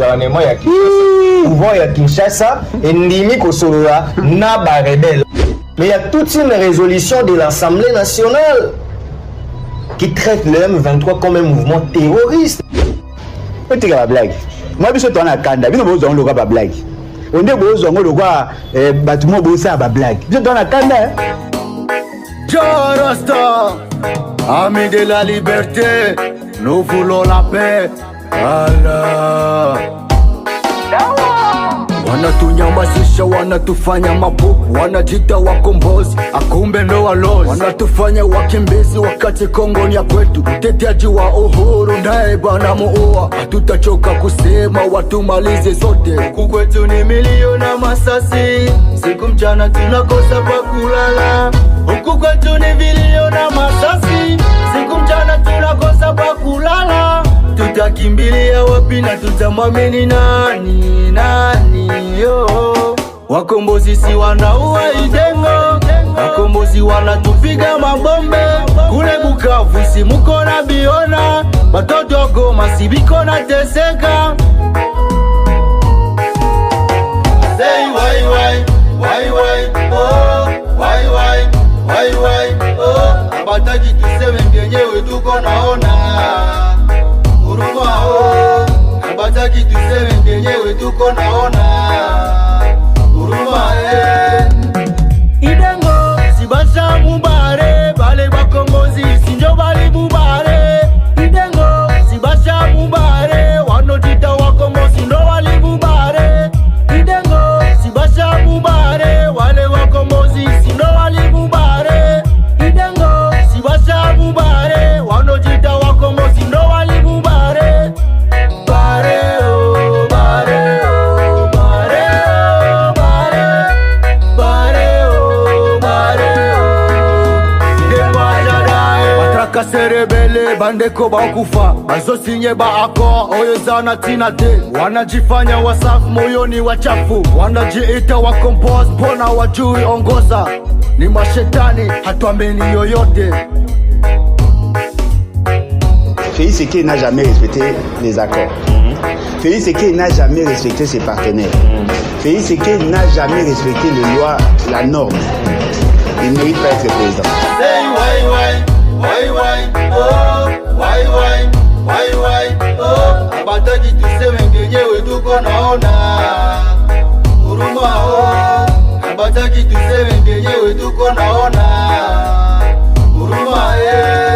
gouvernement ya kinshasa hmm. couvent ya kinshasa endimi kosolola na barebele mais il y a toute une résolution de l'assemblée nationale qui traite le m23 comme un mouvement terroriste otika bablague mwa biso towana kanda bino bozwango lokwa bablague onde bozwango lokwa bato mo bosala bablague biso eh, towana kanda jorasta ami de la liberté nous voulons la paix Ala, wanatunyamazisha, wanatufanya mapuku wanajita wakombozi, akumbe ndo walozi, wanatufanya wakimbizi, wakati Kongo ni ya kwetu, mteteaji wa uhuru naye bana muua. Hatutachoka kusema watumalize zote, kukwetu ni milio na masasi, siku mchana tunakosa pa kulala, huku kwetu ni vilio na wapi na tutamwamini nani nani? Yo, wakombozi si wanaua Idengo, wakombozi wanatupiga mabombe kule Bukavu, si muko na biona batoto Goma, si biko na teseka oh, oh. Abataki tuseme vyenyewe tuko naona huruma oh hawataki tuseme, ndenyewe tuko naona huruma eh. bakaserebele bandeko bakufa bazosinye baakor oyo eza na ntina te wanajifanya wasafu moyoni wachafu wanajiita wakompose mpona wajui ongoza ni mashetani hatuamini yoyote Félix n'a jamais respecté les accords. Mm -hmm. Félix n'a jamais respecté ses partenaires. Mm -hmm. Félix n'a jamais respecté les lois, la norme. Il ne mérite pas être président. Hey, Why why oh, why why why why oh, abataji tuseme ngenyewe tuko naona huruma oh, abataji tuseme ngenyewe tuko naona huruma eh